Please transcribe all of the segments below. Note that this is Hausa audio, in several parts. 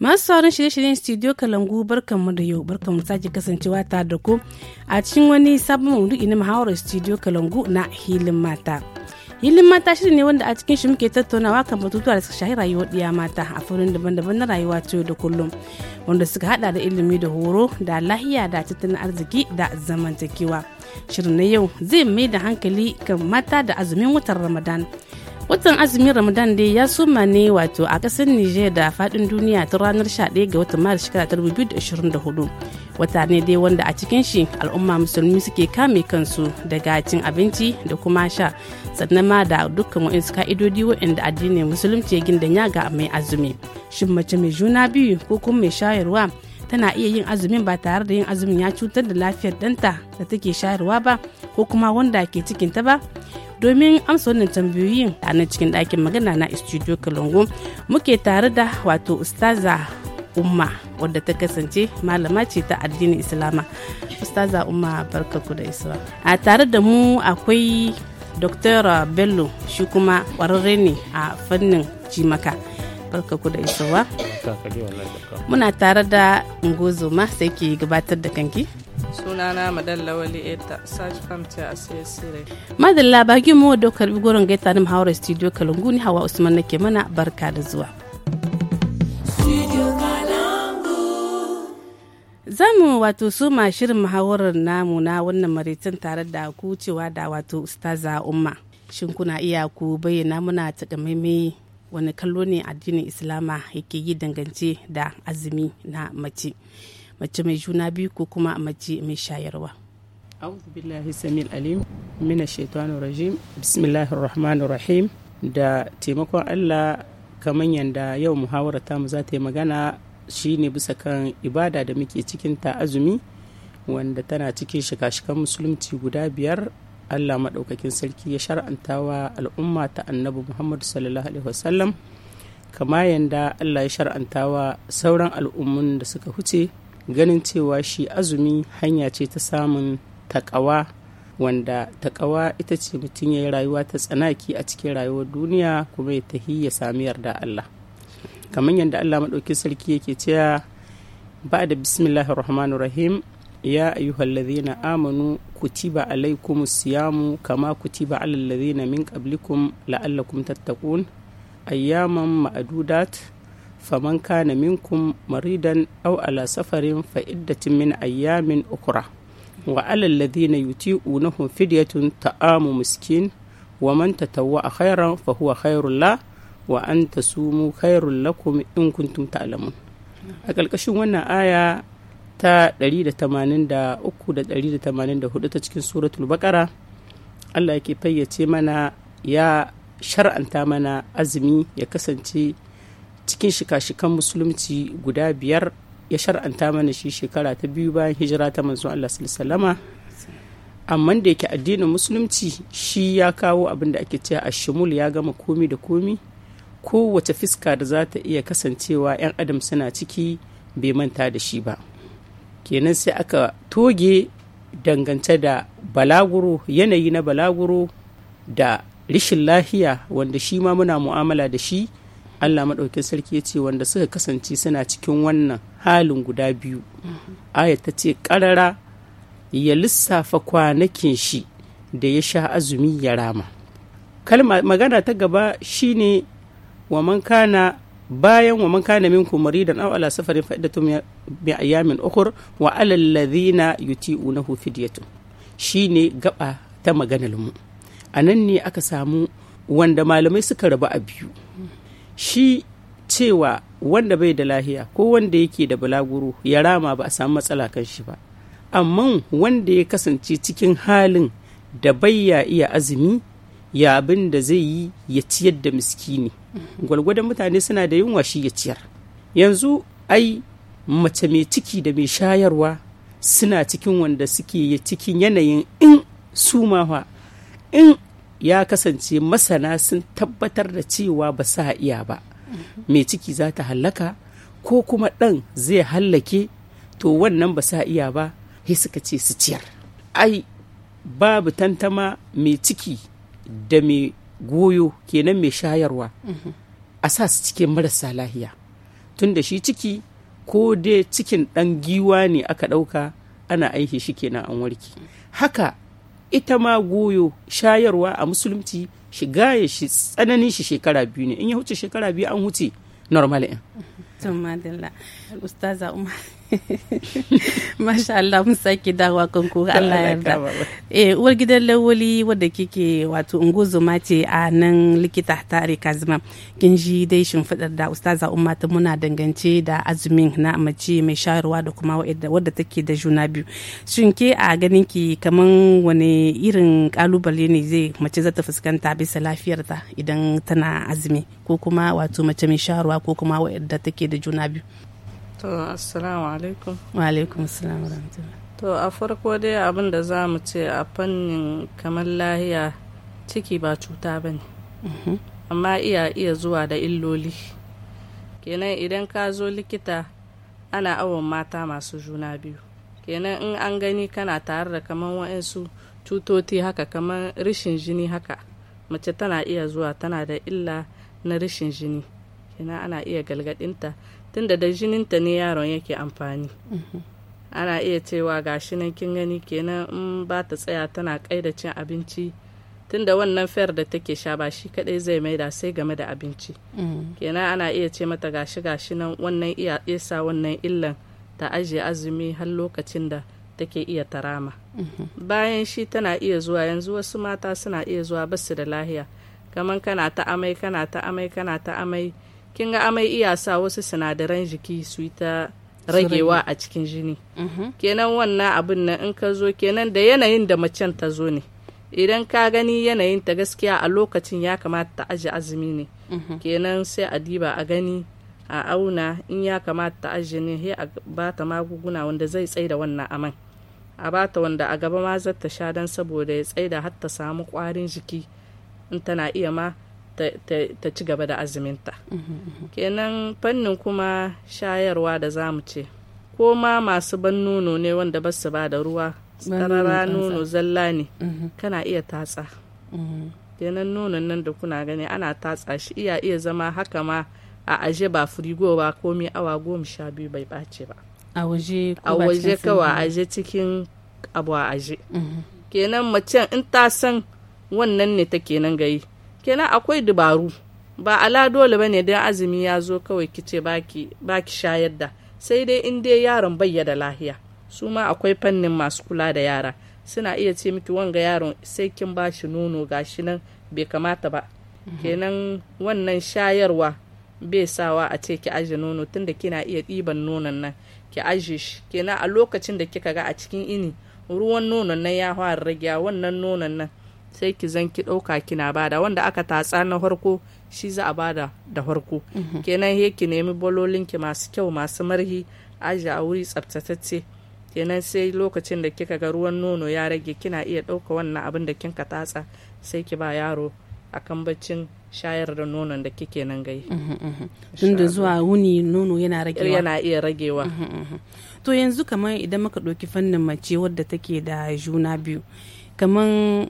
masu sauran shirye-shiryen studio kalangu barkanmu da yau barkanmu sake kasancewa ta da ku a cikin wani sabon maudu'i na muhawarar studio kalangu na hilin mata hilin mata shirin ne wanda a cikin shi muke tattaunawa kan batutuwa da suka shahi rayuwar ɗiya mata a fannin daban-daban na rayuwa ta da kullum wanda suka hada da ilimi da horo da lahiya da tattalin arziki da zamantakewa. shirin na yau zai mai da hankali kan mata da azumin watan ramadan watan azumin ramadan dai ya suma ne wato a ƙasar niger da faɗin duniya ta ranar 11 ga watan maris shekara 2024 wata ne dai wanda a cikin shi al'umma musulmi suke kame kansu daga cin abinci da kuma sha sannan ma da dukkan wa'insu ka'idodi wa'inda addinin musulunci ya gindan ya ga mai azumi shin mace mai juna biyu ko kuma mai shayarwa tana iya yin azumin ba tare da yin azumin ya cutar da lafiyar danta da take shayarwa ba ko kuma wanda ke cikin ta ba domin amsa wannan tambayoyin a nan cikin ɗakin magana na studio kalungu muke tare da wato ustaza umma wadda ta kasance malama ce ta addinin islama ustaza umma barkaku da isra a tare da mu akwai dr bello shi kuma ƙwararre ne a fannin jimaka barka da isowa muna tare da ma sai ki gabatar da kanki sunana madalla wali eta search farm a a sire madalla gi mu da karbi gurin gaita tare muhawarar studio kalungu ni hawa usman nake mana barka da zuwa zamu wato su suma shirin muhawarar namu na wannan maritin tare da ku cewa da wato ustaza umma shin kuna iya ku bayyana muna takamaimai wani kallo ne addinin islama yake yi dangance da azumi na mace mace mai juna biyu ko kuma mace mai shayarwa أعوذ بالله السميع العليم من da taimakon Allah kamar yadda yau muhawarar tamu za ta yi magana shine bisa kan ibada da muke cikin ta azumi wanda tana cikin shika-shikan musulunci guda biyar Allah maɗaukakin sarki ya shar'anta wa al'umma ta annabi Muhammadu sallallahu alaihi wasallam kama yanda Allah ya shar'anta wa sauran al'ummun da suka huce ganin cewa shi azumi hanya ce ta samun taƙawa wanda takawa ita ce mutum ya yi rayuwa ta tsanaki a cikin rayuwar duniya kuma ya tahi ya sami yarda Allah kamar yadda Allah maɗaukin sarki yake cewa ba da bismillahir rahim ya ayyuhallazina amanu kutiba alaikumus siyamu kama kutiba alal ladzina min qablikum la'allakum tattaqun ayyaman ma'adudat faman kana minkum maridan aw ala safarin fa iddatin min ayyamin ukra wa alal ladzina yuti'unahum fidyatun ta'amu miskin wa man tatawwa'a khairan fa huwa khairul la wa an tasumu khairul lakum in kuntum ta'lamun a ƙarƙashin wannan aya ta 183 ta cikin suratul bakara Allah yake fayyace mana ya shar'anta mana azumi ya kasance cikin shika-shikan musulunci guda biyar ya shar'anta mana shi shekara ta biyu bayan hijira ta manzo Allah sallama amma da yake addinin musulunci shi ya kawo abin da ake cewa ashimul ya gama komi da komi kowace fiska da za ta iya kasancewa 'yan adam suna ciki bai manta da shi ba kenan sai aka toge dangance da balaguro yanayi na balaguro da rishin lahiya wanda shi ma muna mu'amala da shi allah maɗaukin sarki ya ce wanda suka kasance suna cikin wannan halin guda biyu aya ta ce ƙarara ya lissafa kwanakin shi da ya sha azumi ya rama kalma magana ta gaba shine wa man kana bayan wa man kana minkum maridan aw ala safarin fa idatum bi ayamin ukhur wa ala alladhina yuti'unahu fidyatun shine gaba ta maganar mu anan ne aka samu wanda malamai suka rabu a biyu shi cewa wanda bai da lahiya ko wanda yake da balaguro ya rama ba a samu matsala kan shi ba amma wanda ya kasance cikin halin da bai ya iya azumi ya abin da zai yi ya ciyar da miskini mhm. gwalgwadon mutane suna da yunwa shi ya ciyar yanzu ai mace mai ciki da mai shayarwa suna cikin wanda suke ya cikin yanayin in su in ya kasance masana sun tabbatar da cewa ba sa iya ba mhm. mai ciki za ta hallaka ko kuma ɗan zai hallake to wannan ba sa iya ba sai suka ce su ciyar ai babu tantama mai ciki da mai goyo kenan mai shayarwa mhm. a sa su cikin marasa lahiya tun da shi ciki ko dai cikin ɗan giwa ne aka ɗauka ana aiki shi kenan an warke haka ita ma goyo shayarwa a musulunci shiga ya shi tsananin shi shekara biyu ne in ya huce shekara biyu an huce normal in. Mhm. Masha Allah mun sake dawa kankura Allah yarda. Eh uwar gidan lawali wadda kike wato unguzuma ce a nan likita tare kazma Kin ji dai shimfiɗar da Ustaza Umma ta muna dangance da azumin na mace mai shayarwa da kuma wadda take da juna biyu. Shin ke a ganin ki kaman wani irin kalubale ne zai mace za ta fuskanta bisa lafiyarta idan tana azumi ko kuma wato mace mai shayarwa ko kuma wadda take da juna biyu. to assalamu alaikum wa alaikum to a farko dai abin da za mu ce a fannin kamar lahiya ciki ba cuta ba ne mhm. amma iya iya zuwa da illoli kenan idan ka zo likita ana awon mata masu juna biyu kenan in an gani kana tare da kamar wa'insu cutoti haka kamar rishin jini haka mace tana iya zuwa tana da illa na rishin jini kenan ana iya galgadinta tunda da jininta ne yaron yake amfani mhm. ana iya cewa gashi nan kin gani kenan in ba ta tsaya tana kaida cin abinci tunda wannan fayar da take sha ba shi kadai zai maida sai game da abinci mhm. kenan ana iya ce mata gashi gashi nan wannan iya isa wannan illan ta ajiye azumi har lokacin da take iya tarama mhm. bayan shi tana iya zuwa yanzu wasu mata suna iya zuwa basu da lahiya kaman kana ta amai kana ta amai kana ta amai kin ga amai iya sa wasu sinadaran jiki su ta ragewa a cikin jini mm-hmm. kenan wannan abin nan in ka zo kenan da yanayin da macen ta zo ne idan ka gani yanayin ta gaskiya a lokacin ya kamata ta aji azumi ne mm-hmm. kenan sai a diba a gani a auna in ya kamata ta aji ne sai a bata magunguna wanda zai tsaida wannan aman a bata wanda a gaba ma zata sha don saboda ya tsaida har ta samu kwarin jiki in tana iya ma ta ci gaba da azuminta mhm, mhm. kenan fannin kuma shayarwa da zamu ce ko ma masu ban nono ne wanda basu ba da ruwa tsarara nono zalla ne mhm. kana iya tatsa kenan nonon nan da kuna gani ana tatsa shi iya iya zama haka ma a aje ba firigo ba komai awa goma sha biyu bai bace ba a waje kawa aje cikin abu a aje kenan mace in ta san wannan ne take nan gayi kenan akwai dabaru ba ala dole ba ne don azumi ya zo kawai kice baki baki shayar da sai dai in dai yaron bai da lahiya su ma akwai fannin masu kula da yara suna iya ce miki wanga yaron sai kin ba shi nono gashi nan bai kamata ba mhm. kenan wannan shayarwa bai sawa a ce ki aje nono tunda kina iya ɗiban nonon nan ki aje shi kenan a lokacin da kika ga a cikin ini ruwan nonon nan ya fara ragewa wannan nonon nan sai ki zan ki ɗauka kina bada wanda aka tatsa na harko shi za a bada da harko. Mhm. kenan he ki nemi bololinki masu kyau masu marhi aji a wuri tsabtatacce kenan sai lokacin da kika ga ruwan nono ya rage kina iya ɗauka wannan abin da kinka tatsa sai ki ba yaro a baccin shayar da nonon da kike nan gai. Mhm, mhm. Tun da zuwa wuni nono yana ragewa. Yana iya ragewa. To yanzu kamar idan muka ɗauki fannin mace wadda take da juna biyu, kamar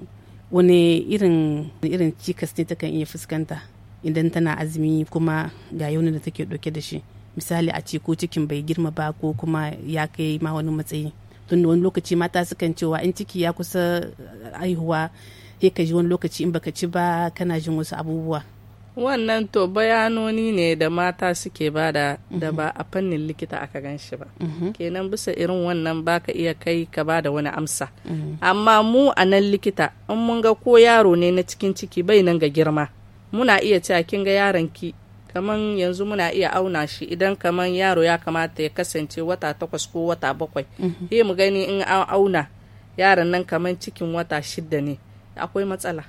wani irin irin cikas ne takan iya fuskanta idan tana azumi kuma ga yaunin da take dauke da shi misali a ce ko cikin bai girma ba ko kuma ya kai ma wani matsayi tunda wani lokaci mata sukan cewa in ciki ya kusa aihuwa sai ka ji wani lokaci in baka ci ba kana jin wasu abubuwa wannan to bayanoni ne da mata suke bada da ba a fannin likita aka gan shi ba mhm. kenan bisa irin wannan baka iya kai ka bada wani amsa mhm. amma mu a nan likita in mun ga ko yaro ne na cikin ciki bai nan ga girma muna iya cewa kin ga yaron ki kaman yanzu muna iya auna shi idan kaman yaro ya kamata ya kasance wata takwas ko wata bakwai mhm. sai mu gani in an auna yaron nan kaman cikin wata shidda ne akwai matsala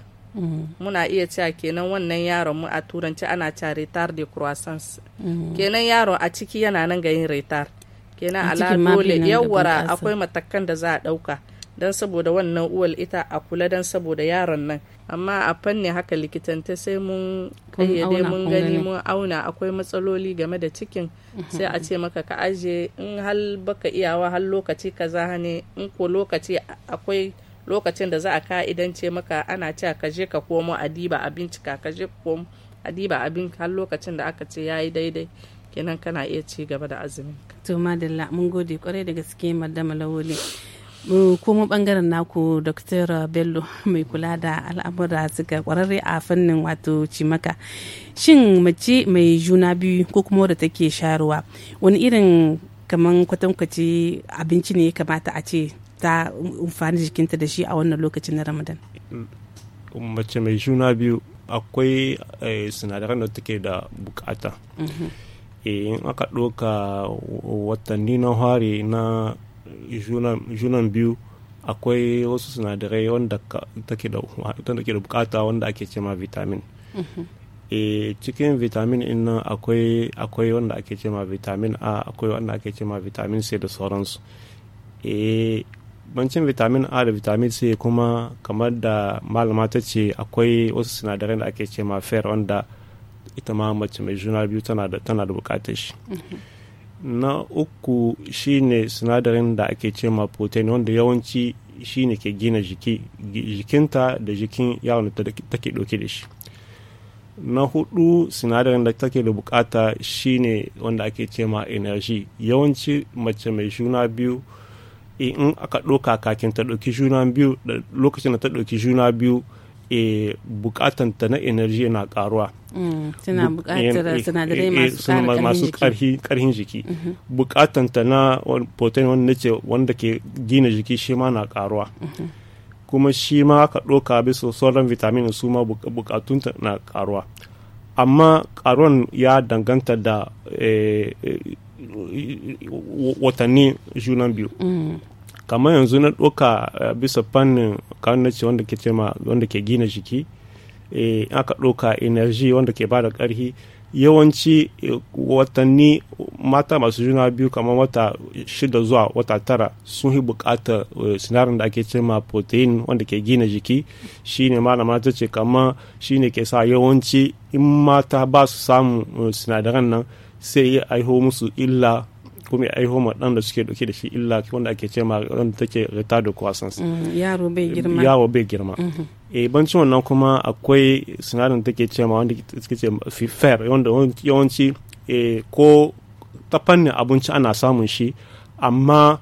muna iya cewa kenan wannan yaron mu a turanci ana cewa retard de croissance mm. kenan yaron a ciki yana nan ga yin retard kenan ala dole yawara akwai matakan da za a ɗauka don saboda wannan uwal ita a kula dan saboda yaron nan amma a fanni haka likitanta sai mun kayyade mun gani mun auna akwai matsaloli game da cikin mm-hmm. sai a ce maka ka aje in hal baka iyawa hal lokaci kaza ne in ko lokaci akwai lokacin da za a ka'idance maka ana cewa ka je ka komo a diba ka je komo a diba abin har lokacin da aka ce yayi daidai kenan kana iya ci gaba da azumin to madalla mun gode kwarai da gaske madama lawoli kuma bangaren naku dr bello mai kula da al'amura suka kwararre a fannin wato cimaka shin mace mai juna biyu ko kuma da take sharuwa wani irin kaman kwatankwaci abinci ne ya kamata a ce ta amfani jikinta da shi a wannan lokacin na ramadan mm. mace mai juna biyu akwai eh, sinadaran da take da bukata mm-hmm. eh, in aka ɗoka watanni na hari na junan biyu akwai wasu sinadarai wanda take da bukata wanda ake cema vitamin mm-hmm. eh, cikin vitamin in nan akwai wanda ake cema vitamin a akwai wanda ake cema vitamin c da sauransu e bancin vitamin a da vitamin c kuma kamar da malama ta ce akwai wasu sinadarai da ake ce ma fair wanda ita ma mace mai juna biyu tana da bukatar shi na uku shine sinadarin da ake ce ma protein wanda yawanci shine ke gina jiki jikinta da jikin yawon da take ɗauke da shi na hudu sinadarin da take da bukata shine wanda ake ce ma energy yawanci mace mai juna biyu E, in aka ɗauka kakin ta ɗauki juna biyu lokacin da ta ɗauki juna biyu e bukatanta na energy mm, e, e, mm-hmm. na karuwa tana masu karhin jiki bukatanta na protein wanda nace wanda ke gina jiki shi ma na karuwa mm-hmm. kuma shi ma aka ɗauka bisa sauran vitamin su ma bukatunta na karuwa amma karuwan ya danganta da watanni junan biyu mm. kamar yanzu na ɗauka eh, bisa fannin kawunaci wanda ke cema wanda ke gina jiki in eh, aka ɗauka energy wanda ke bada ƙarfi yawanci eh, watanni mata masu juna biyu kamar wata shida zuwa wata tara sun yi bukatar sinarin da ake cema protein wanda ke gina jiki shine malama ta ce kamar shine ke sa yawanci in mata ba su samun sinadaran nan sai ya aiho musu illa kuma ya aiho ma dan da suke dauke da shi illa wanda ake ce ma wanda take retarded croissance mm, yaro bai girma yaro bai girma mm-hmm. eh bancin wannan kuma akwai sinadarin take ce ma wanda take ce fair wanda yawanci eh, ko ta fannin abinci ana samun shi amma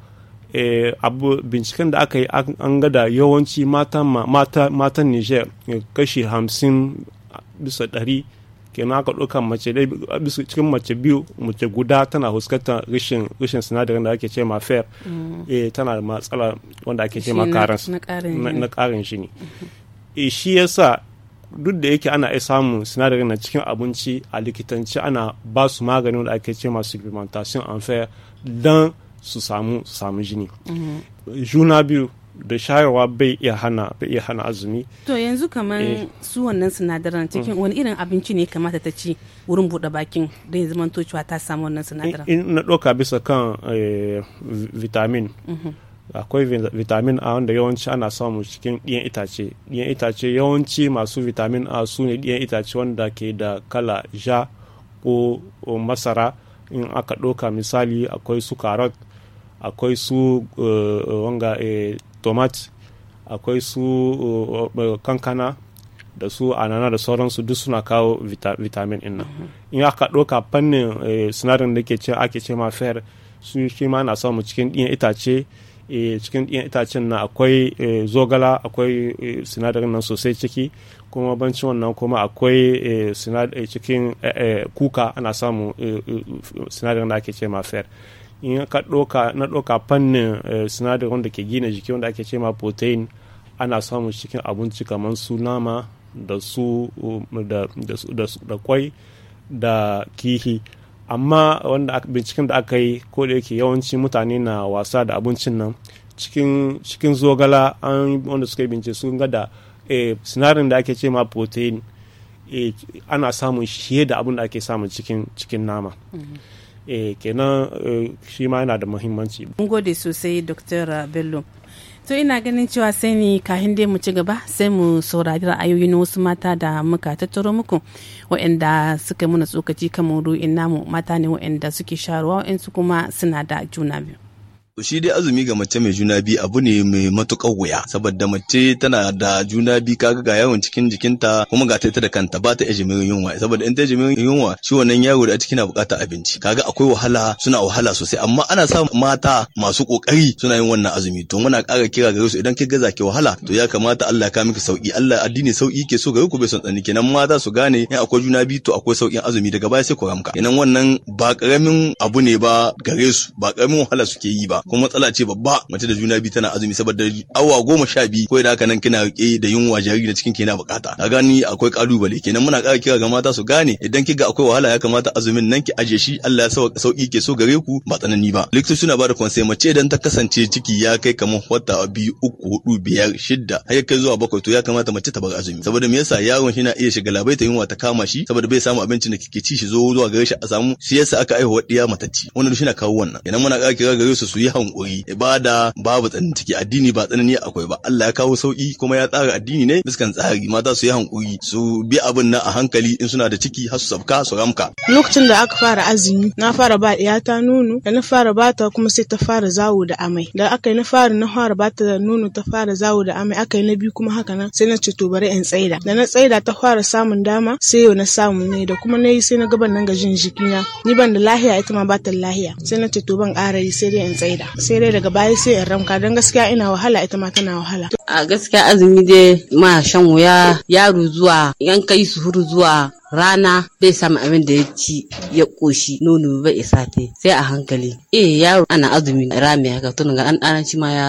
eh, abu binciken da aka yi an gada yawanci matan niger eh, kashi hamsin bisa ɗari kenan aka ɗauka mace dai cikin mace biyu mace guda tana fuskantar rashin rashin sinadarin da ake ce ma fair mm. eh tana da matsala wanda ake ce ma na karin mm-hmm. eh, shi ne e shi yasa duk da yake ana iya samun sinadarin na cikin abinci a likitanci ana ba su magani wanda ake ce ma supplementation en fair dan su samu su samu jini mm-hmm. juna biyu da shayarwa bai iya hana bai iya hana azumi to yanzu kamar eh. su wannan sinadaran mm. cikin wani irin abinci ne kamata ta ci wurin bude bakin da yanzu man cewa ta samu wannan sinadaran in, na doka bisa kan eh, vitamin mhm. akwai vitamin a wanda yawanci ana samu cikin ɗiyan itace ɗiyan itace yawanci masu vitamin a su ne ɗiyan itace wanda ke da kala ja ko masara in aka ɗauka misali akwai su carrot akwai su eh, wanga tomat akwai su uh, uh, kankana da su anana da sauransu duk suna kawo vitamin ɗin nan mhm. in aka ɗauka fannin eh, sinadarin da ke ce ake ce ma fer su shi ma na samu cikin ɗiyan itace eh, cikin ɗiyan itacen na akwai eh, zogala akwai sinadarin nan sosai ciki kuma bancin wannan kuma akwai cikin kuka ana samu sinadarin da ake ce ma fer in ka ɗoka na ɗoka fannin eh, sinadarin wanda ke gina jiki wanda ake ce ma protein ana samun cikin abinci kamar su nama um, da su da kwai da kihi amma wanda binciken da aka yi ko da yake yawanci mutane na wasa da abincin nan cikin zogala an wanda suka yi bincike sun ga da eh, sinarin da ake ce ma protein eh, ana samun shi da abin da ake samun cikin nama mm-hmm. Eh, kenan eh, shi ma yana da muhimmanci mun gode sosai dr bello to ina ganin cewa sai ni kahin dai mu ci gaba sai mu saurari ra'ayoyi na wasu mata da muka tattaro muku waɗanda suka muna tsokaci kamar ru'in namu mata ne waɗanda suke sharuwa waɗansu kuma suna da juna biyu To shi dai azumi ga mace mai juna biyu abu ne mai matukar wuya saboda mace tana da juna biyu kaga ga yawan cikin jikinta kuma ga ta da kanta ba ta jimin yunwa saboda in ta jimin yunwa shi wannan yaro da ciki na bukata abinci kaga akwai wahala suna wahala sosai amma ana sa mata masu ƙoƙari suna yin wannan azumi to muna ƙara kira gare su idan ki gaza ki wahala to ya kamata Allah ya kawo miki sauki Allah addini sauki ke so gare ku bai son tsani kenan mata su gane in akwai juna biyu to akwai sauƙin azumi daga baya sai ku ramka kenan wannan ba ƙaramin abu ne ba gare su ba karamin wahala suke yi ba Ko matsala ce babba mace da juna biyu tana azumi saboda awa goma sha biyu ko da haka nan kina ke da yunwa jariri na cikin kina bukata A gani akwai kalubale kenan muna kara kira ga mata su gane idan kiga akwai wahala ya kamata azumin nan ki aje shi Allah ya sauki ke so gare ku ba tsanani ba Likita suna bada konsai mace idan ta kasance ciki ya kai kamar wata biyu uku hudu biyar shidda har ya kai zuwa bakwai to ya kamata mace ta bar azumi saboda me yasa yaron shi na iya shiga labai ta yunwa ta kama shi saboda bai samu abincin da kike ci shi zo zuwa gare shi a samu shi yasa aka aihuwa diya matacci wannan shi na kawo wannan idan muna kara kira gare su su yi hankuri ibada babu tsanin ciki addini ba tsanani akwai ba Allah ya kawo sauki kuma ya tsara addini ne biskan tsari mata su yi hankuri su bi abin nan a hankali in suna da ciki har su sabka su ramka lokacin da aka fara azumi na fara ba ta nono da na fara bata kuma sai ta fara zawo da amai da aka yi na fara na fara bata da nono ta fara zawo da amai aka yi na biyu kuma haka nan sai na ce to bari in tsaida da na tsaida ta fara samun dama sai yau na samu ne da kuma na yi sai na gaban nan gajin jikina ni ban da lahiya ita ma bata lahiya sai na ce to ban ƙara yi sai dai in tsaida da sai dai daga baya sai in ramka don gaskiya ina wahala ita ma tana wahala a gaskiya azumi dai ma shan wuya yaro zuwa yan kai suhuru zuwa rana bai samu abin da ya ci ya koshi nono bai isa te sai a hankali eh yaro ana azumi rami haka tun ga an shi ma ya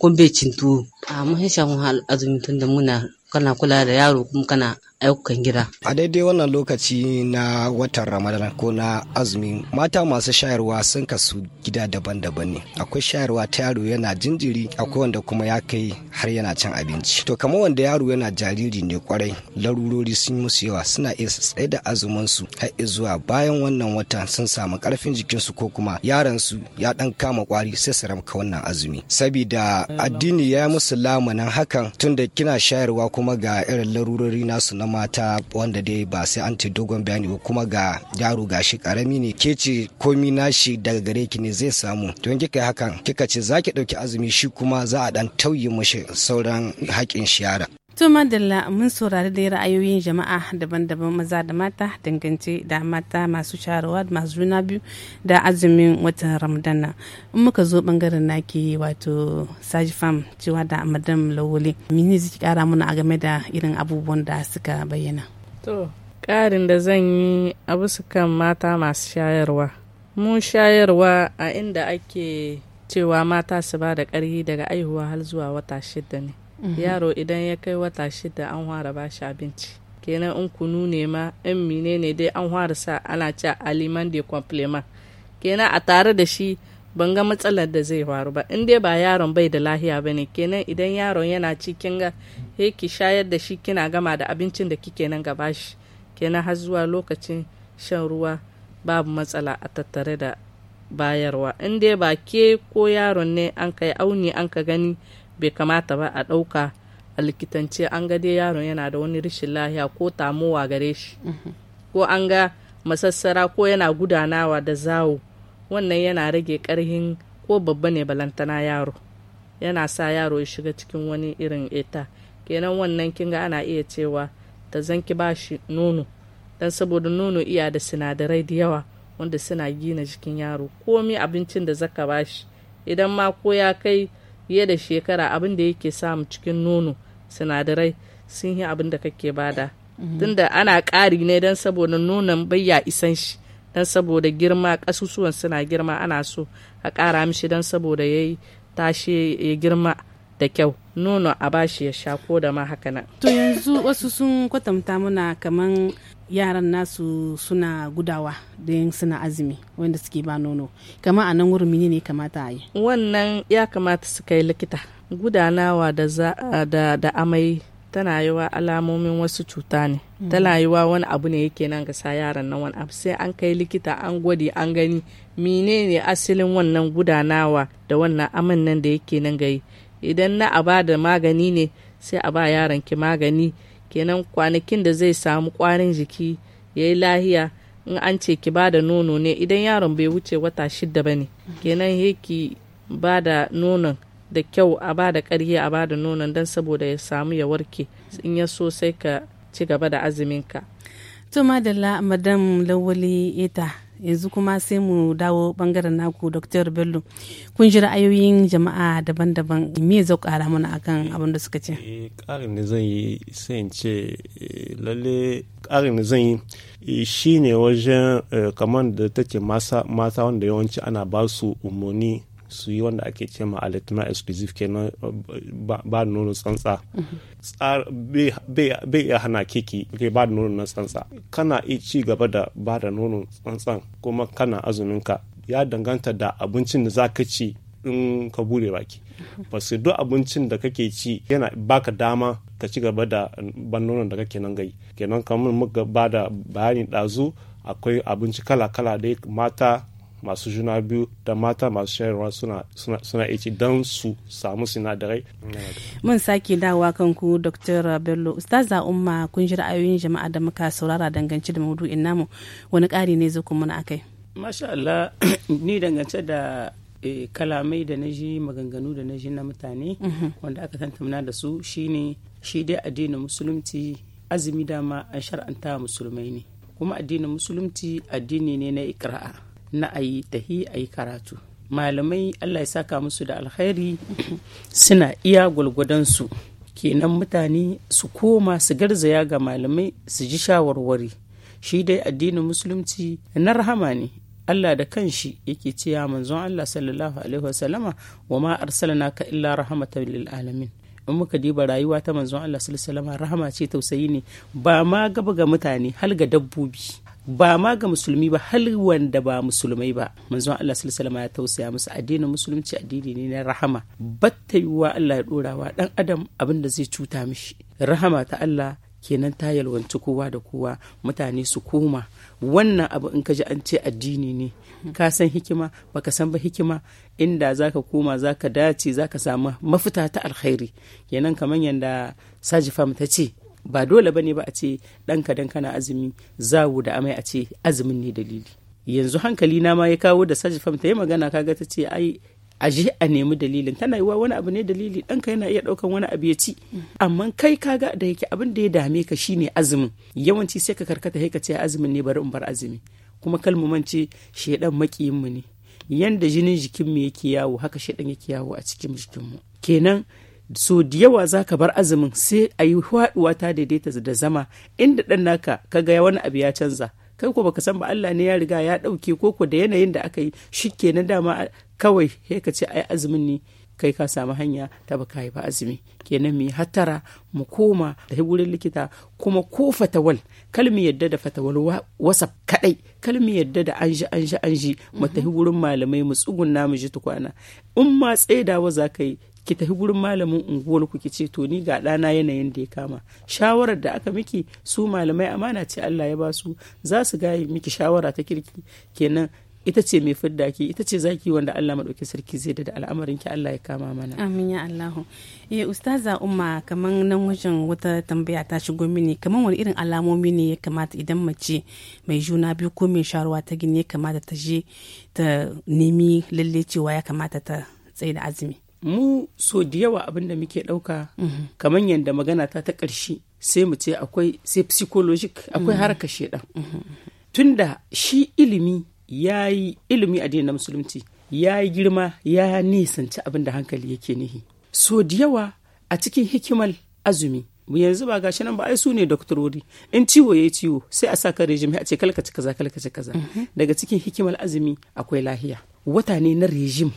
kun bai cin tuwo a mun shan azumi tun da muna kana kula da yaro kuma kana ayyukan gida. A daidai wannan lokaci na watan Ramadan ko na azumi mata masu shayarwa sun kasu gida daban-daban ne. Akwai shayarwa ta yaro yana jinjiri akwai wanda kuma ya kai har yana cin abinci. To kamar wanda yaro yana jariri ne kwarai larurori sun musu yawa suna iya tsaye da azumin su har zuwa bayan wannan watan, sun samu karfin su ko kuma yaran su ya dan kama kwari sai su ramka wannan azumi. Sabida addini ya musu lamunan hakan tunda kina shayarwa kuma ga irin larurori nasu na mata wanda dai ba sai an ce dogon bayani ba kuma ga yaro gashi karami ne ke ce komi nashi daga gare ki ne zai samu don kika yi hakan kika ce zaki dauki azumi shi kuma za a dan tauyi mashi sauran haƙin shi To madalla mun saurari da ra'ayoyin jama'a daban-daban maza da mata dangance da mata masu sharawa masu juna biyu da azumin watan ramadana in muka zo bangaren naki wato Sajifam cewa da madam lawole mini zai kara mana a game da irin abubuwan da suka bayyana. To karin da zan yi a bisa kan mata masu shayarwa. Mu shayarwa a inda ake cewa mata su ba da ƙarfi daga aihuwa har zuwa wata shida ne. Mm-hmm. yaro idan ya kai wata shida an fara ba shi abinci kenan in kunu ne ma in mine ne dai an fara sa ana ce aliman de complement kenan a tare da shi ban ga matsalar da zai faru ba in dai ba yaron bai da lahiya ba ne kenan idan yaron yana cikin ga ki shayar da shi kina gama da abincin da kike nan gaba shi kenan har zuwa lokacin shan ruwa babu matsala a tattare da bayarwa in dai ba ke ko yaron ne an kai auni an ka gani bai kamata ba a ɗauka a likitance an ga dai yaron yana da wani rashin lahiya ko tamowa gare shi ko an ga masassara ko yana gudanawa da zawo wannan yana rage ƙarhin ko babba ne balantana yaro yana sa yaro ya shiga cikin wani irin eta kenan wannan kinga ana iya cewa ta zanki ba shi nono don saboda nono iya da sinadarai da yawa wanda suna gina jikin yaro komi abincin da zaka ba shi idan ma ko ya kai fiye da shekara abin da yake samu cikin nono sinadarai sun yi abin da kake bada mhm. tunda ana ƙari ne don saboda nonon bayya isan shi don saboda girma ƙasusuwan suna girma ana so a ƙara mishi don saboda ya tashe ya girma da kyau nono a bashi ya sha ko da ma haka nan to yanzu wasu sun kwatanta muna kaman yaran nasu suna gudawa don suna azumi wanda suke ba nono kama a nan wurin mini ne kamata a yi wannan ya kamata su kai likita gudanawa da, za, da, amai tana yiwa alamomin wasu cuta ne mm. tana yiwa wani abu ne yake nan ga sa yaran nan wani abu sai an kai likita an gwadi an gani mine ne asalin wannan gudanawa da wannan aman nan da yake nan gai idan na a ba da magani ne sai a ba yaran ki magani kenan kwanakin da zai samu kwarin jiki ya yi lahiya in an ce ki ba da nono ne idan yaron bai wuce wata shida ba ne kenan ki ba da nonon da kyau a ba da karye a ba da nonon don saboda ya samu ya warke in ya so sai ka ci gaba da azuminka. to madalla madam lawali ita yanzu kuma sai mu dawo bangaren naku dr bello kun ji ra'ayoyin jama'a daban-daban me zai kara mana akan abin da suka ce eh, karin da zan yi sai in ce eh, lalle da eh, shine wajen kamar da take mata wanda yawanci ana ba su umarni su yi wanda ake ce ma alitima exclusive kenan ba da nono tsantsa bai ya hana kiki ke ba da nono na tsantsa kana iya ci gaba da ba da nono tsantsan kuma kana azuminka ya danganta da abincin da za ka ci in ka bude baki su duk abincin da kake ci yana baka dama ka ci gaba da ban nonon da kake nan gai kenan kamar muka ba da bayani ɗazu akwai abinci kala-kala da mata masu juna biyu da mata masu shayarwa suna ici don su samu sinadarai mun sake dawa kanku dr bello ustaza umma kun ji ra'ayoyin jama'a da muka saurara dangance da maudu'in namu wani ƙari ne zuku muna na akai masha Allah ni dangance da eh, kalamai da na ji maganganu da na ji na mutane mhm. wanda aka tantamna da su shine shi dai addinin musulunci azumi dama an shar'anta musulmai ne kuma addinin musulunci addini ne na ikra'a na a yi tahi a yi karatu malamai allah ya saka musu da alkhairi suna iya gwalgwadonsu kenan mutane su koma su garzaya ga malamai su ji shawarwari shi dai addinin musulunci na rahama ne Allah da kanshi yake ce ya manzon Allah sallallahu alaihi wasallama wa ma ka illa rahmatan lil alamin in muka diba rayuwa ta manzon Allah sallallahu alaihi wasallama rahama ce tausayi ne ba ma gaba ga mutane hal ga dabbobi ba ma ga musulmi ba hal wanda ba musulmai ba manzon Allah sallallahu ya tausaya musu addinin musulunci addini ne na rahama battayuwa Allah ya wa dan adam abin da zai cuta mishi rahama ta Allah kenan ta yalwanci kowa da kowa mutane su koma wannan abu in ka ji an ce addini ne ka san hikima baka san ba hikima inda zaka koma zaka dace zaka samu mafita ta alkhairi kenan kamar yadda sajifa ta ce ba dole ba ne ba a ce ɗanka dan kana azumi zawo da amai a ce azumin ne dalili yanzu hankali na ma ya kawo da saji fam ta yi magana kaga ta ce ai a je a nemi dalilin tana yiwa wani abu ne dalili ɗanka yana iya ɗaukan wani abu ya ci amma kai kaga da yake abin da ya dame ka shine azumin yawanci sai ka karkata sai ka ce azumin ne bari in bar azumi kuma man ce shedan makiyin mu ne yanda jinin jikinmu yake yawo haka shedan yake yawo a cikin jikinmu kenan so da yawa za ka bar azumin sai a yi haɗuwa ta daidaita da zama inda ɗan naka ka ga wani abu ya canza kai ko baka san ba Allah ne ya riga ya ɗauke ko ko da yanayin da aka yi na dama kawai sai ka ce ai azumin ne kai ka samu hanya ta baka yi ba azumi kenan mu yi hattara mu koma da wurin likita kuma ko fatawal kalmi yadda da fatawal wasa kadai kalmi yadda da anji anji anji mu tafi mhm. wurin malamai mu tsugunna mu ji tukwana in ma tsaidawa za ka yi ki tafi gurin malamin unguwar ku ki ce to ni ga ɗana yanayin da ya kama shawarar da aka miki su malamai amana ce Allah ya basu su za su gaya miki shawara ta kirki kenan ita ce mai fidda ki ita ce zaki wanda Allah madauki sarki zai da al'amarin ki Allah ya kama mana amin ya Allah eh ustaza umma kaman nan wajen wata tambaya ta shigo mini kaman wani irin alamomi ne ya kamata idan mace mai juna biyu ko mai sharuwa ta gini ya kamata ta je ta nemi lalle cewa ya kamata ta tsaye da azumi mu so da yawa abin da muke ɗauka mhm. kamar yadda magana ta ta ƙarshe sai mu ce akwai sai psychologic akwai mhm. harka shedan mhm. tunda shi ilimi ya yi ilimi a na musulunci ya yi girma ya nisanci abin da hankali yake nihi so da yawa a cikin hikimal azumi yanzu ba gashi nan ba ai su ne doktorori in ciwo ya ciwo sai a sa ka rejim a ce kalkaci kaza kalkaci kaza daga cikin hikimar azumi akwai lahiya wata ne na rejim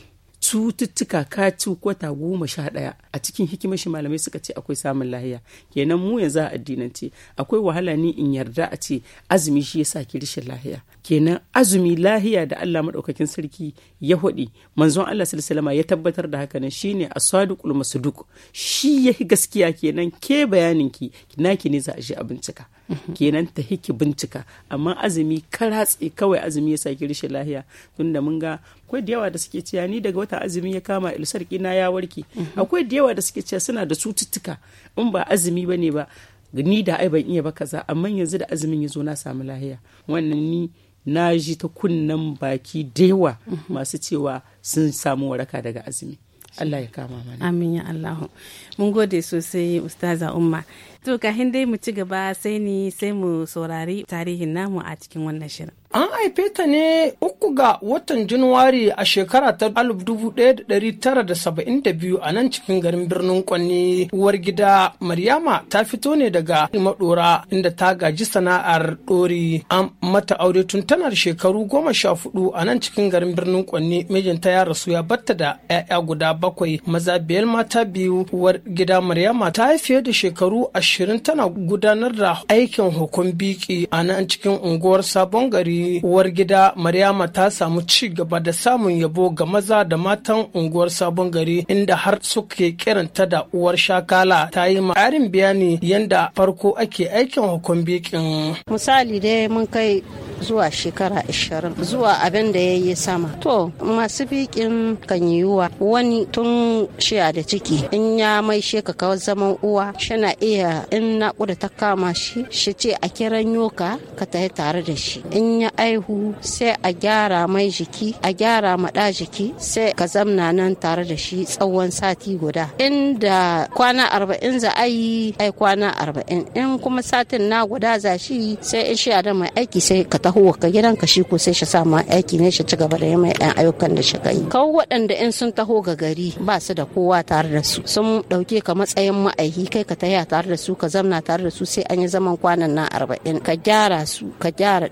cututtuka katu kwata goma sha ɗaya a cikin hikimar shi malamai suka ce akwai samun lahiya kenan mu yanzu a addinance akwai wahala ni in yarda a ce azumi shi yasa ki rashin lahiya kenan azumi lahiya da Allah madaukakin sarki ya hodi manzon Allah sallallahu alaihi ya tabbatar da haka ne shine asadiqul masduq shi yahi gaskiya kenan ke bayanin ki naki ne za a je abincika. kenan ta hiki bincika amma azumi karatse kawai azumi ya saki rishe lahiya tunda mun ga akwai da yawa da suke cewa ni daga wata azumi ya kama ilsar kina ya warke akwai da yawa da suke cewa suna da cututtuka in ba azumi bane ba ni da ai ban iya ba kaza amma yanzu da azumin ya zo na samu lahiya wannan ni na ji ta kunnan baki da yawa masu cewa sun samu waraka daga azumi Allah ya kama mana. Amin ya Allahu. Mun gode sosai Ustaza Umma. To kahin dai mu ci gaba sai ni sai mu saurari tarihin namu a cikin wannan shirin. An haife ta ne uku ga watan Januwari a shekara ta 1972 a nan cikin garin birnin Kwanni uwar gida Maryama ta fito ne daga Madora inda ta gaji sana'ar ɗori an mata aure tun tana shekaru goma sha hudu a nan cikin garin birnin Kwanni mijinta ya rasu ya batta da 'ya'ya guda bakwai maza biyar mata biyu uwar gida Maryama ta haife da shekaru ashirin ashirin tana gudanar da aikin hukun biki a nan cikin unguwar sabon gari uwar gida maryama ta samu ci gaba da samun yabo ga maza da matan unguwar sabon gari inda har suke kiranta da uwar shakala ta yi ma'arin bayani yadda farko ake aikin hukun bikin misali dai mun kai zuwa shekara 20 zuwa abin da ya yi sama to masu bikin kan yiwuwa wani tun shiya da ciki in ya mai sheka kawai zaman uwa shana iya in naƙuda ta kama shi shi ce a kiran yoka ka tafi tare da shi in ya aihu sai a gyara mai jiki a gyara maɗa jiki sai ka zamna nan tare da shi tsawon sati guda inda kwana arba'in za a yi ai kwana arba'in in kuma satin na guda za shi sai in shiya da mai aiki sai ka taho ka ka shi ko sai shi sa ma aiki ne shi ci gaba da yamma, ɗan ayyukan da shi kai kawo waɗanda in sun taho ga gari ba su da kowa tare da su sun ɗauke ka matsayin ma'aiki kai ka taya tare da su ka zamna tare da su sai an yi zaman kwanan na arba'in ka gyara su ka gyara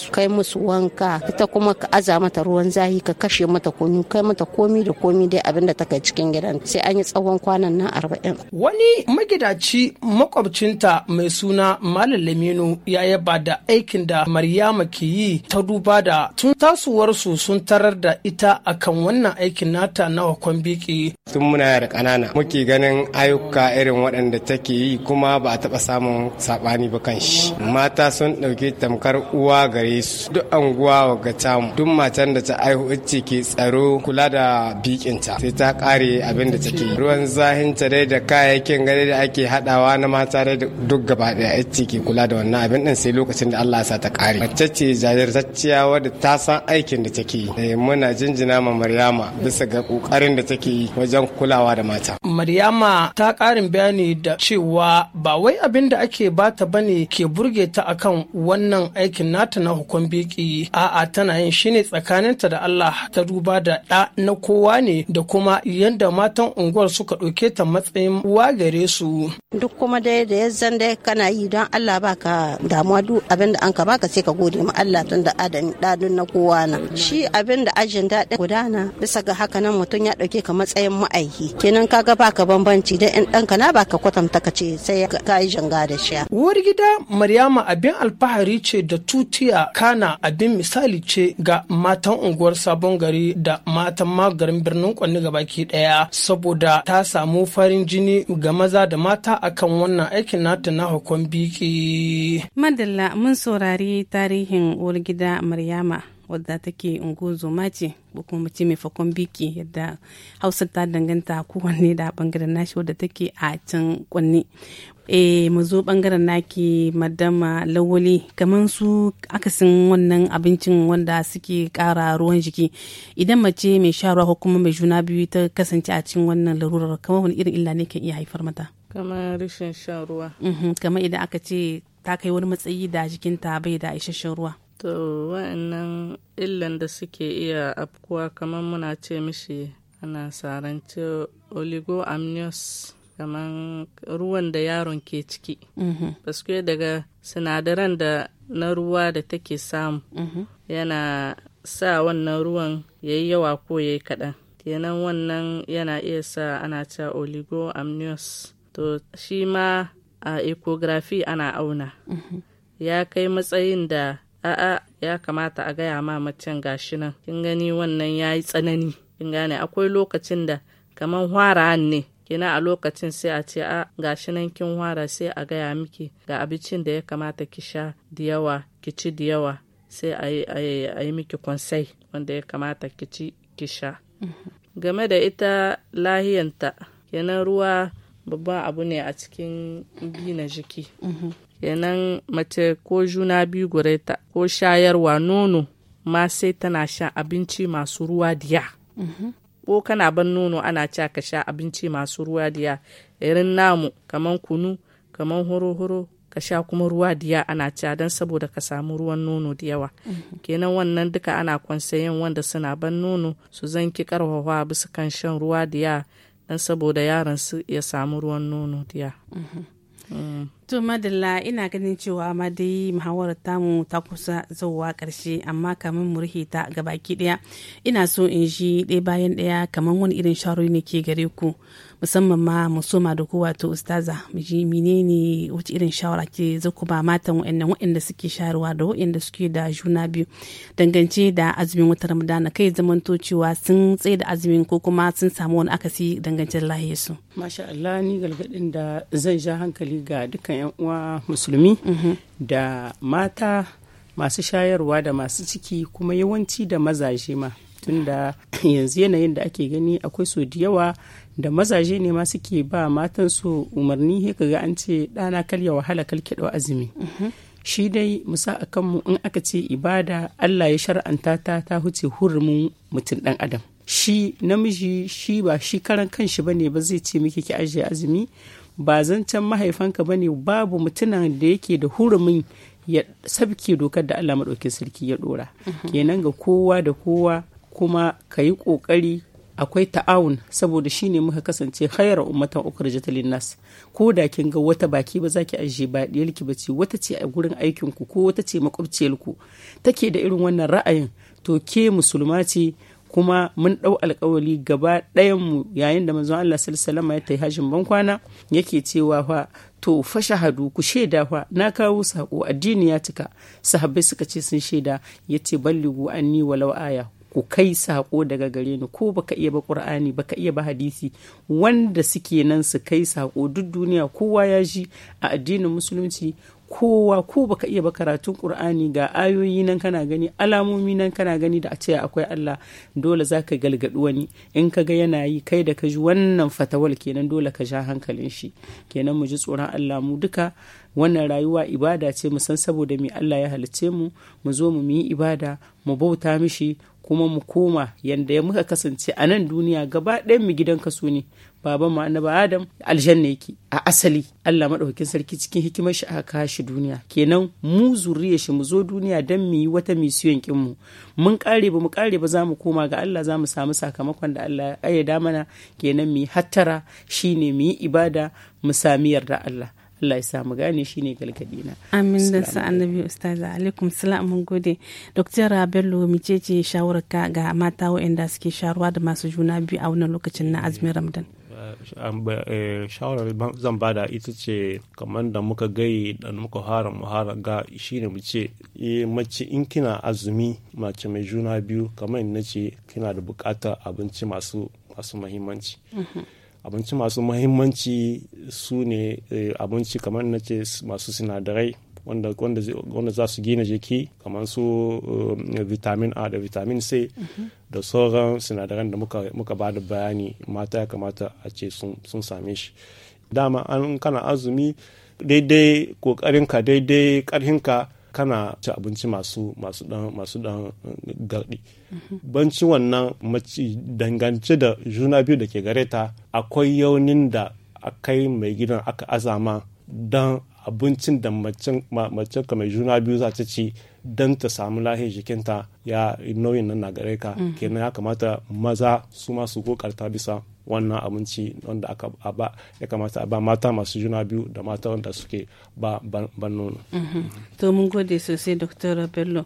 su kai musu wanka ita kuma ka aza mata ruwan zahi ka kashe mata kunu kai mata komi da komi dai abin da ta kai cikin gidan sai an yi tsawon kwanan na arba'in. wani magidaci makwabcinta mai suna malam laminu ya yaba da aikin da maryam Adama ke yi ta duba da tun tasowarsu sun tarar da ita akan wannan aikin nata na wakon biki. Tun muna da ƙanana muke ganin ayyuka irin waɗanda take yi kuma ba a taɓa samun sabani ba kan shi. Mata sun ɗauki tamkar uwa gare su duk anguwa ga tamu duk matan da ta aihu ce ke tsaro kula da bikinta sai ta ƙare abin da take yi. Ruwan zahinta dai da kayayyakin gare da ake haɗawa na mata dai duk gaba ɗaya ita ke kula da wannan abin ɗin sai lokacin da Allah ya sa ta kare. Mace ita ce jajirtacciya wadda ta san aikin da take yi eh, muna jinjina ma maryama bisa ga kokarin da take yi wajen kulawa da mata maryama ta karin bayani da cewa ba wai abin da ake bata bane ke burge ta akan wannan aikin nata na hukun biki a'a tana yin shine tsakaninta da Allah ta duba da ɗa na kowa ne da kuma yadda matan unguwar suka ɗauke ta matsayin uwa gare su duk kuma dai da zan dai kana yi don Allah baka damuwa duk abin da an ka baka sai ka gode nemi Allah tun da adam dadin na kowa na shi abin da ajin daɗin gudana bisa ga haka nan mutum ya ɗauke ka matsayin ma'aiki kenan kaga baka bambanci da ɗan ɗanka na baka kwatanta ka ce sai ka yi janga da shi. Uwar gida Maryama abin alfahari ce da tutiya kana abin misali ce ga matan unguwar sabon gari da matan garin birnin kwanni gabaki ɗaya saboda ta samu farin jini ga maza da mata akan wannan aikin nata na hukun biki. Madalla mun saurari tarihi tarihin uwar gida maryama wadda take unguwa ce ko kuma ce mai fakon biki yadda hausa ta danganta kowanne da bangaren nashi wadda take a can kwanne e mu zo bangaren naki madama lawali kamar su akasin wannan abincin wanda suke kara ruwan jiki idan mace mai sha ruwa ko kuma mai juna biyu ta kasance a cikin wannan larurar kamar wani irin illa ne kan iya haifar mata kamar rashin shan ruwa mm-hmm. kamar idan aka ce ta kai wani matsayi da jikinta bai da isasshen ruwa to wa'annan illan da suke iya afkuwa kamar muna ce mishi ana sarance oligoamnios kamar ruwan da yaron ke ciki baskuwa mm-hmm. daga sinadaran da na ruwa da take samu mm-hmm. yana sa wannan ruwan ya yi yawa ko ya yi kaɗan kenan wannan yana iya sa ana cewa oligoamnios to shi ma a ecography ana auna mhm. ya kai matsayin da a'a ya kamata a gaya ma macen gashi nan kin gani wannan ya yi tsanani kin gane akwai lokacin da kamar hwara ne kina a lokacin sai a ce a gashi nan kin hwara sai a gaya miki ga abincin da ya kamata ki sha da yawa ki ci da yawa sai a yi miki kwansai. wanda ya kamata ki ci ki sha mhm. game da ita lahiyanta kenan ruwa babba abu ne a cikin gina jiki mhm. kenan mace ko juna biyu gure ta ko shayarwa nono ma sai tana sha abinci masu ruwa diya mhm. ko kana ban nono ana ca ka sha abinci masu ruwa diya irin namu kaman kunu kaman horo-horo ka sha kuma ruwa diya ana ca don saboda ka samu ruwan nono da yawa mhm. kenan wannan duka ana kwansayin wanda suna ban nono su zanki karfafa bisa kan shan ruwa diya don saboda yaran su ya samu ruwan nono diya mhm. mm. To madalla ina ganin cewa ma dai muhawarar tamu ta kusa zuwa karshe amma kamar mu rufe ta baki daya ina so in ji ɗaya bayan ɗaya kamar wani irin shawarwari ne ke gare ku musamman ma mu soma da ku wato ustaza mu ji menene wace irin shawara ke zaku ba matan wa'annan wa'anda suke sharuwa da wa'anda suke da juna biyu dangance da azumin wata ramadana kai zamanto cewa sun tsaye da azumin ko kuma sun samu wani akasi dangance da lahiyarsu. Masha Allah ni galgadin da zan ja hankali ga dukkan 'yan uwa musulmi mhm. da mata masu shayarwa da masu ciki kuma yawanci da mazaje ma tunda yanzu yanayin da ake gani akwai so da yawa da mazaje ne ma suke ba matan su umarni he ga an ce ɗana kalya wahala kalke ɗau azumi mhm. shi dai musa a kanmu in aka ce ibada allah ya shar'anta ta ta huce hurumin mutum ɗan adam shi namiji shi ba shi karan kanshi ba ne ba zai ce miki ki ajiye azumi ba zancen mahaifanka ba ne babu mutumin da yake da hurumin ya sabke dokar da Allah maɗaukin sarki ya ɗora mhm. kenan ga kowa da kowa kuma ka yi ƙoƙari akwai ta'awun saboda shi ne muka kasance hayar ummatan ukar jitalin nas ko da kin ga wata baki ba za ki ajiye ba ɗiyarki ba ce wata ce a gurin aikinku ko wata ce makwabciyarku take da irin wannan ra'ayin to ke musulma ce kuma mun ɗau alkawali gaba mu yayin da manzon Allah sallallahu ya yi hajjin bankwana yake cewa fa to fa shahadu ku shaida fa na kawo sako addini ya cika sahabbai suka ce sun shaida yace balligu anni walau aya ku kai sako daga gare ni ko baka iya ba qur'ani baka iya ba hadisi wanda suke nan su kai sako duk duniya kowa ya ji a addinin musulunci kowa ko baka iya ba karatun qur'ani ga ayoyi nan kana gani alamomi nan kana gani da a ce akwai Allah dole zaka galgadu wani in ka ga yana yi kai da ka ji wannan fatawal kenan dole ka sha hankalin shi kenan mu ji tsoron Allah mu duka wannan rayuwa ibada ce mu san saboda me Allah ya halicce mu mu zo mu yi ibada mu bauta mishi kuma mu koma yanda ya muka kasance a nan duniya gaba ɗayan mu gidan ka so ne baban mu annabi adam aljanna yake a asali Allah madaukakin sarki cikin hikimar shi aka kashi duniya kenan mu zuriya shi mu zo duniya dan mu yi wata misiyon kin mu mun kare ba mu kare ba za mu koma ga Allah za mu samu sakamakon da Allah ya da mana kenan mu yi hattara shine mu yi ibada mu sami yarda Allah Allah ya samu gane shi ne galgadi na. Amin da sa annabi ustaza alaikum salam mun gode. Dr. Bello micece shawararka ga mata wa'anda suke sharuwa da masu juna biyu a wannan lokacin na azumin Ramadan. Eh, shawarar zan bada ita ce kamar da muka gai da muka hara mu hara ga ne mu ce eh, mace in kina azumi mace mai juna biyu kamar na ce kina da bukatar abinci masu mahimmanci mm-hmm. abinci masu mahimmanci su ne eh, abinci kamar na ce masu sinadarai wanda wanda za su gina jiki kamar su um, vitamin A da vitamin C da sauran sinadaran da muka ba da bayani mata ya kamata a ce sun same shi dama an kana azumi daidai ka daidai ka. kana ci abinci masu masu dan masu dan gardi banci wannan mace dangance da juna biyu da ke gare akwai yaunin da akai mai gidan aka azama Dan. abincin da mace ka mai juna biyu za ta ci don ta samu lahiyar jikinta ya nauyin nan na gare ka mm. kenan ya kamata maza su masu su kokarta bisa wannan abinci wanda aka ba ya kamata a ba mata masu juna biyu da mata wanda suke ba ban nono. Mm-hmm. to mun gode sosai dr bello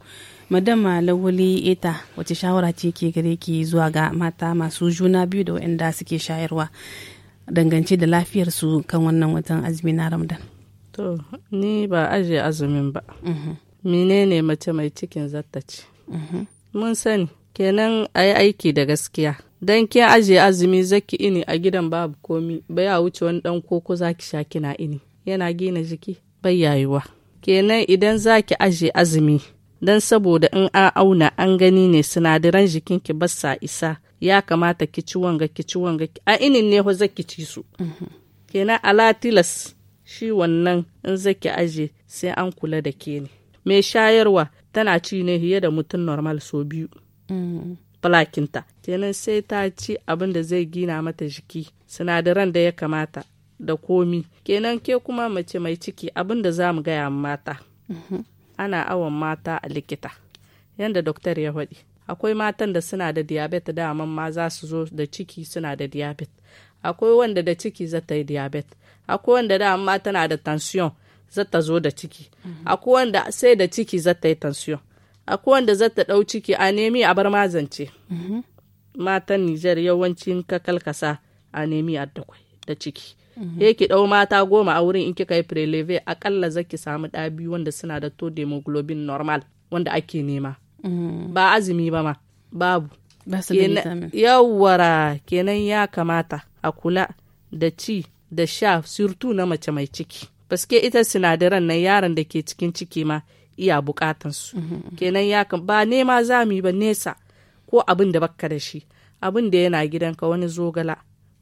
madama lawali eta wace shawara ce ke gare ki zuwa ga mata masu juna biyu da waɗanda suke shayarwa dangance da lafiyarsu kan wannan watan azumi na ramadan. To, ni ba ajiye azumin ba. Mhm. Menene mace mai cikin zattaci mhm. Mun sani, kenan a yi aiki da gaskiya. Dan kin ajiye azumi zaki ini a gidan babu komi, bai ya wuce wani dan koko zaki sha kina ini. Yana gina jiki, bai yayuwa. Kenan idan zaki ajiye azumi, dan saboda in an auna an gani ne sinadaran jikinki ba sa isa, ya kamata ki ci wanga ki ci wanga, a inin ne ho zaki ci su. Mhm. Kenan alatilas shi wannan in zaki aje sai an kula da ke ne mai shayarwa tana ci ne fiye da mutum normal so biyu mm. plakinta kenan sai ta ci abin da zai gina mata jiki sinadaran da ya kamata da komi kenan ke kuma mace mai ciki abin da za mu gaya mata mm-hmm. ana awon mata a likita yanda doktar ya faɗi akwai matan da suna da diabet dama ma za su zo da ciki suna da diabet akwai wanda da ciki zata yi diabet akwai wanda da amma tana da tension zata zo da ciki akwai wanda sai da ciki zata yi tension akwai wanda zata ɗau ciki a nemi a bar mazance matan Nijar yawancin kakalkasa a nemi a da ciki yake ɗau mata goma a wurin in kika yi preleve akalla zaki samu da biyu wanda suna da to hemoglobin normal wanda ake nema ba azumi ba ma babu yawwara kenan ya kamata a kula da ci da sha surtu na mace mai ciki baske ita sinadaran nan yaron da ke cikin ciki ma iya bukatansu mhm, mhm. kenan ya ba nema za yi ba nesa ko abin da bakka da shi abin da yana gidanka wani zogala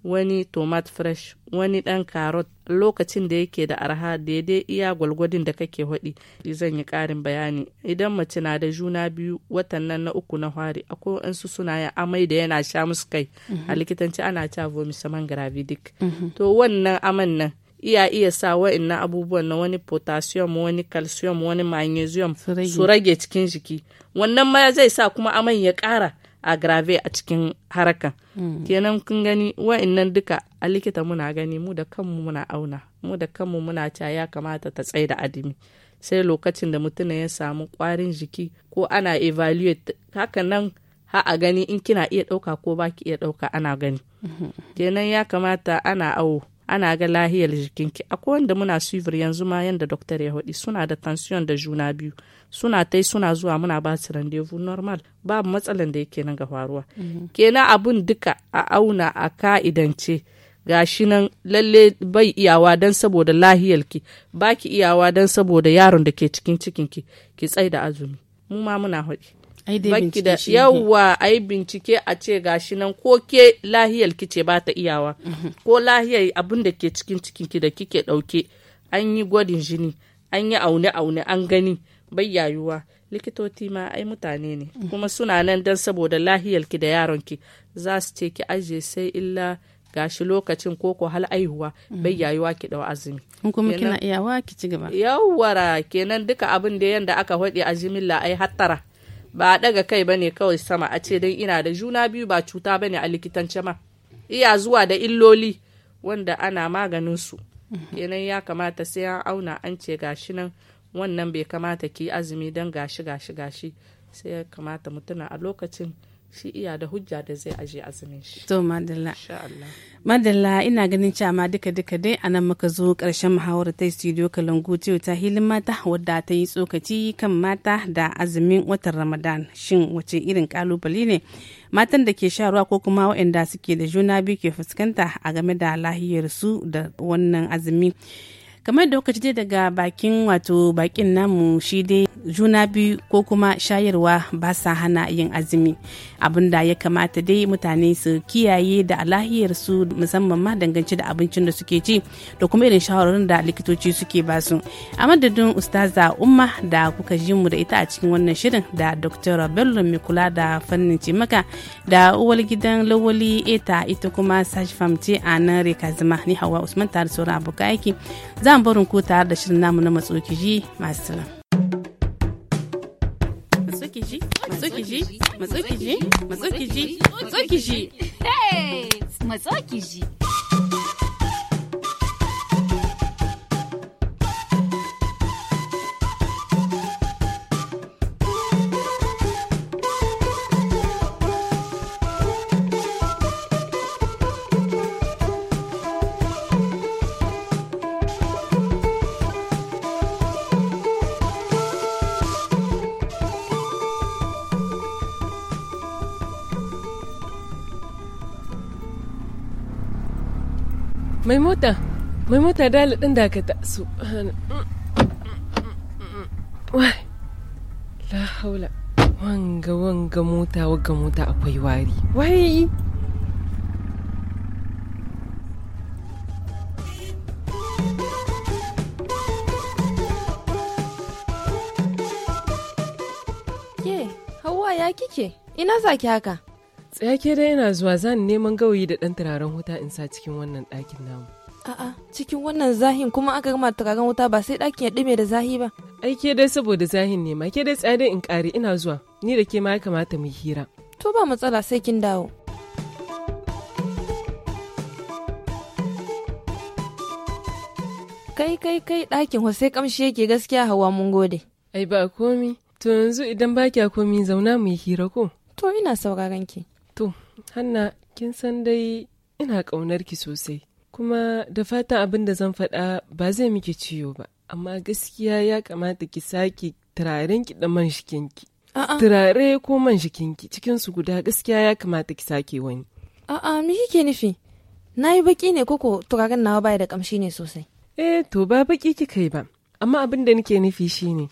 wani tomat fresh wani ɗan carrot lokacin da yake da arha daidai iya gwalgwadin da kake haɗi zan yi ƙarin bayani idan mace na da juna biyu watan nan na uku na hwari akwai waɗansu suna yin amai da yana sha musu kai a mhm. likitanci ana cewa vomisaman gravidic mhm. to wannan aman nan iya iya sa wa'annan abubuwan na wani potassium wani calcium wani magnesium su rage cikin jiki wannan ma zai sa kuma aman ya ƙara a agrave a cikin harakan mm. kenan kun gani wa'annan duka a likita muna gani mu da kanmu muna auna mu da kanmu muna ca ya kamata ta tsaye da adimi sai lokacin da mutum ya samu kwarin jiki ko ana evaluate haka nan ha a gani in kina iya ɗauka ko baki iya ɗauka ana gani mm-hmm. kenan ya kamata ana awo ana ga lahiyar jikinki akwai wanda muna suivir yanzu ma yanda doktor ya hudi suna da tension da juna biyu suna tai suna zuwa muna ba su rendezvous normal babu matsalan da yake nan ga faruwa mhm. kenan abun duka a auna a ka'idance gashi nan lalle bai iyawa don saboda lahiyarki baki iyawa don saboda yaron da ke cikin cikinki ki tsai da azumi mu ma muna hudi baki da yawa a yi bincike a ce gashi nan ko ke lahiyar kice ba ta iyawa mhm. ko lahiyar abin da ke cikin cikinki da kike ɗauke an yi gwadin jini an yi aune-aune an gani bai yayuwa likitoti ma ai mutane ne mhm. kuma suna nan don saboda lahiyar ki da yaron ki za su ce ki aje sai illa gashi lokacin ko hal aihuwa mhm. bai yayuwa ki dau azumi kuma kina iyawa ki ci gaba yawara kenan duka abin da yanda aka faɗi azumin la ai hattara ba a daga kai bane kawai sama a ce dan ina da juna biyu ba cuta bane a likitance ma iya zuwa da illoli wanda ana maganin su kenan ya kamata sai an auna an ce gashi nan wannan bai kamata ki azumi don gashi gashi gashi sai ya kamata mutuna a lokacin shi iya da hujja da zai aje azumin shi. To madalla. Madalla ina ganin cewa duka duka dai a nan muka zo ƙarshen muhawar ta studio Kalangu Tiyo ta hilin mata wadda ta yi tsokaci kan mata da azumin watan Ramadan shin wace irin kalubale ne matan da ke sharuwa ko kuma waɗanda suke da juna biyu ke fuskanta a game da lahiyar su da wannan azumi. kamar da kuka ji daga bakin wato bakin namu shi dai juna biyu ko kuma shayarwa ba sa hana yin azumi da ya kamata dai mutane su kiyaye da alahiyar su musamman ma dangance da abincin da suke ci da kuma irin shawarorin da likitoci suke ba su a madadin ustaza umma da kuka ji mu da ita a cikin wannan shirin da dr bello mai kula da fannin cimaka da uwar gidan lawali eta ita kuma sashi famce a nan reka ni hawa usman tare sauran abokan aiki za nan barin ku tare da shirin namu na matsokiji masu salam. Hey! mai mota mai mota dala ɗin da ka taso wai la haula wanga wanga mota wanga mota akwai wari wai ke hawa ya kike ina zaki haka Tsaya ke dai yana zuwa zan neman gawayi da ɗan turaren wuta in sa cikin wannan ɗakin namu. A'a, cikin wannan zahin kuma aka gama turaren wuta ba sai ɗakin ya ɗume da zahi ba. Ai ke dai saboda zahin ne ma ke dai tsaya dai in ƙare ina zuwa ni da ke ma ya kamata mu hira. To ba matsala sai kin dawo. Kai kai kai ɗakin sai kamshi yake gaskiya hawa mun gode. Ai ba komi, to yanzu idan ba kya komi zauna mu hira ko? To ina sauraron ki. To, Hanna, kin san dai ina kaunar ki sosai, kuma da fatan abin da zan faɗa ba zai miki ciwo ba, amma gaskiya ya kamata ki sake turaren ki da man shikinki. Turare ko man shikinki cikinsu guda gaskiya ya kamata ki sake wani. A'a, me kike nufi? Na yi baki ne koko turaren nawa baya da kamshi ne sosai. Eh, to ba baki kika yi ba, amma abin da nake nufi shine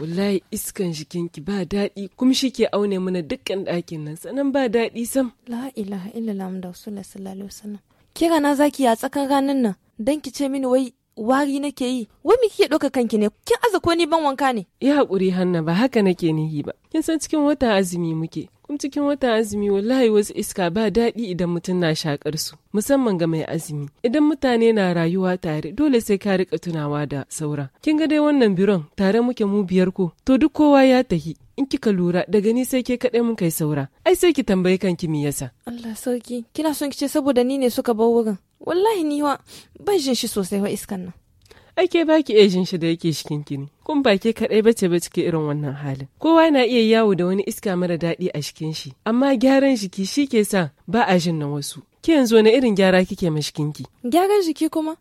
wallahi iskan jikinki ba daɗi kuma shi ke aune mana dukkan ɗakin nan sanan ba daɗi sam la ilaha illallah da wasu sallallahu alaihi sanan kira na zaki a tsakan ranan nan don ki ce mini wai wari nake yi wai kike ɗauka kanki ne kin aza ko ni ban wanka ne ya haƙuri hanna ba haka nake nihi ba kin san cikin wata azumi muke kuma cikin wata azumi wallahi wasu iska ba daɗi idan mutum na shakar su musamman ga mai azumi idan mutane na rayuwa tare dole sai ka rika tunawa da saura kin ga dai wannan biron tare muke mu biyar ko to duk kowa ya tahi in kika lura daga ni sai ke kaɗai mun kai saura ai sai ki tambayi kanki me yasa Allah sarki kina son kice saboda ni ne suka bar wurin wallahi ni wa ban jin shi sosai wa iskan nan ake baki iya jin shi da yake shikin kini kun baki ke kaɗai bace ba cikin irin wannan halin kowa na iya yawo da wani iska mara daɗi a shikin shi amma gyaran jiki shi ke sa ba a jin na wasu ki yanzu wani irin gyara kike ma shikin ki. gyaran jiki kuma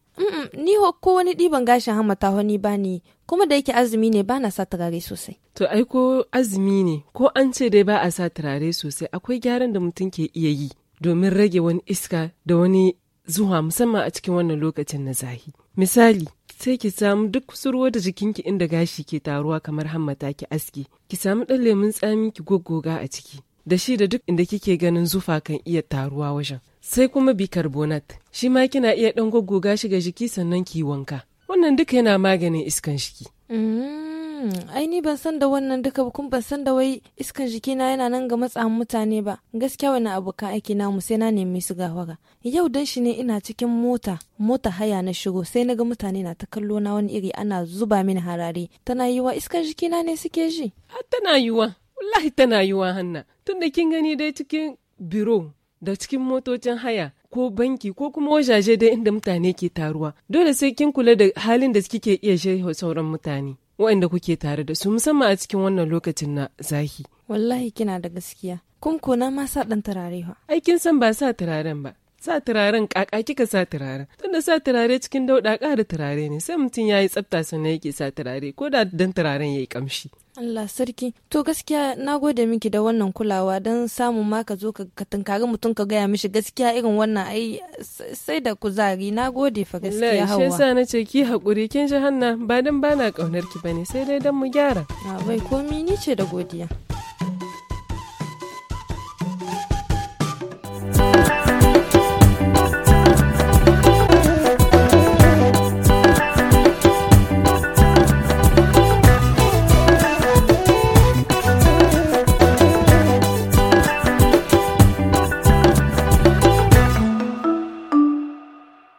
ni ko wani ɗiban gashin hammata wani ba ni kuma da yake azumi ne ba na sa turare sosai to ai ko azumi ne ko an ce dai ba a sa turare sosai akwai gyaran da mutum ke iya yi domin rage wani iska da wani zuwa musamman a cikin wannan lokacin na zahi. Misali, sai ki samu duk kusurwa da jikinki inda gashi ke taruwa kamar hammata ki aske, ki samu ɗan lemun tsami ki goggoga a ciki, da shi da duk inda kike ganin zufa kan iya taruwa wajen. Sai kuma bicarbonate, shi ma kina iya ɗan goggoga shi ga jiki sannan ki wanka. Wannan duka yana maganin iskan shiki. Mm. Hmm, aini ni ban san da wannan duka ba kuma ban san da wai iskan jikina yana nan ga matsa mutane ba gaskiya wani abokan aiki na mu sai na nemi su gawaga yau dan shi ne ina cikin mota mota haya na shigo sai na ga mutane na ta kallo na wani iri ana zuba mini harare tana yiwa iskan jikina ne suke ji a ah, tana yiwa wallahi tana yiwa hanna tunda kin gani dai cikin biro da cikin motocin haya ko banki ko kuma wajaje dai inda mutane ke taruwa dole sai kin kula da halin da kike iya sauran mutane waɗanda kuke tare da su musamman a cikin wannan lokacin na zahi. Wallahi kina da gaskiya. Kun kona ma sa ɗan turare ba. aikin san ba sa turaren ba. sa turaren kaka kika sa turaren tunda sa turare cikin dauɗa ƙara turare ne sai mutum ya yi tsafta ne yake sa turare ko da dan turaren ya yi kamshi Allah sarki to gaskiya na gode miki da wannan kulawa don samun ma ka zo ka tunkari mutum ka gaya mishi gaskiya irin wannan ai sai da kuzari na gode fa gaskiya hawa. Allah shi na ce ki haƙuri kin ji hanna ba dan bana kaunar ki bane sai dai dan mu gyara. Bai komi ni ce da godiya.